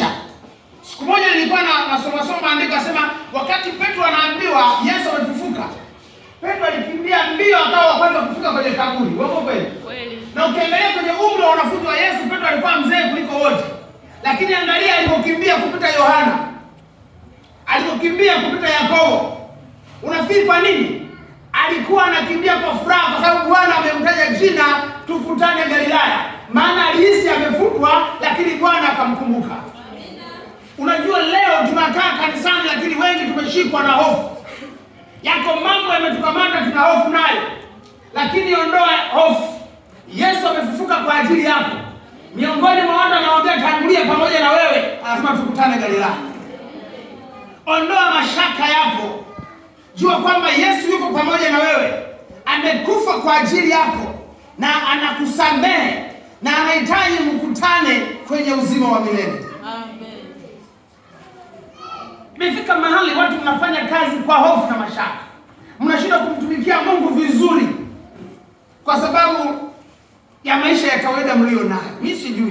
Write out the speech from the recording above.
kuwafundisha. Siku moja nilikuwa na nasoma soma maandiko asema, wakati Petro anaambiwa Yesu amefufuka, Petro alikimbia mbio akawa wa kwanza kufika kwenye kaburi. Wako kweli? Na ukiangalia kwenye umri wa wanafunzi wa Yesu, Petro alikuwa mzee kuliko wote, lakini angalia alipokimbia kupita Yohana, alipokimbia kupita Yakobo. Unafikiri kwa nini alikuwa anakimbia kwa furaha? Kwa sababu Bwana amemtaja jina, tukutane Galilaya, maana alihisi amefutwa, lakini Bwana akamkumbuka tunakaa kanisani, lakini wengi tumeshikwa na hofu. Yako mambo yametukamata, tuna hofu nayo, lakini ondoa hofu. Yesu amefufuka kwa ajili yako. Miongoni mwa watu anaongea, tangulia pamoja na wewe, lazima tukutane Galilaya. Ondoa mashaka yako, jua kwamba Yesu yuko pamoja na wewe, amekufa kwa ajili yako na anakusamehe na anahitaji mkutane kwenye uzima wa milele. Amen. Imefika mahali watu mnafanya kazi kwa hofu na mashaka, mnashindwa kumtumikia Mungu vizuri kwa sababu ya maisha ya kawaida mlio nayo. Mimi sijui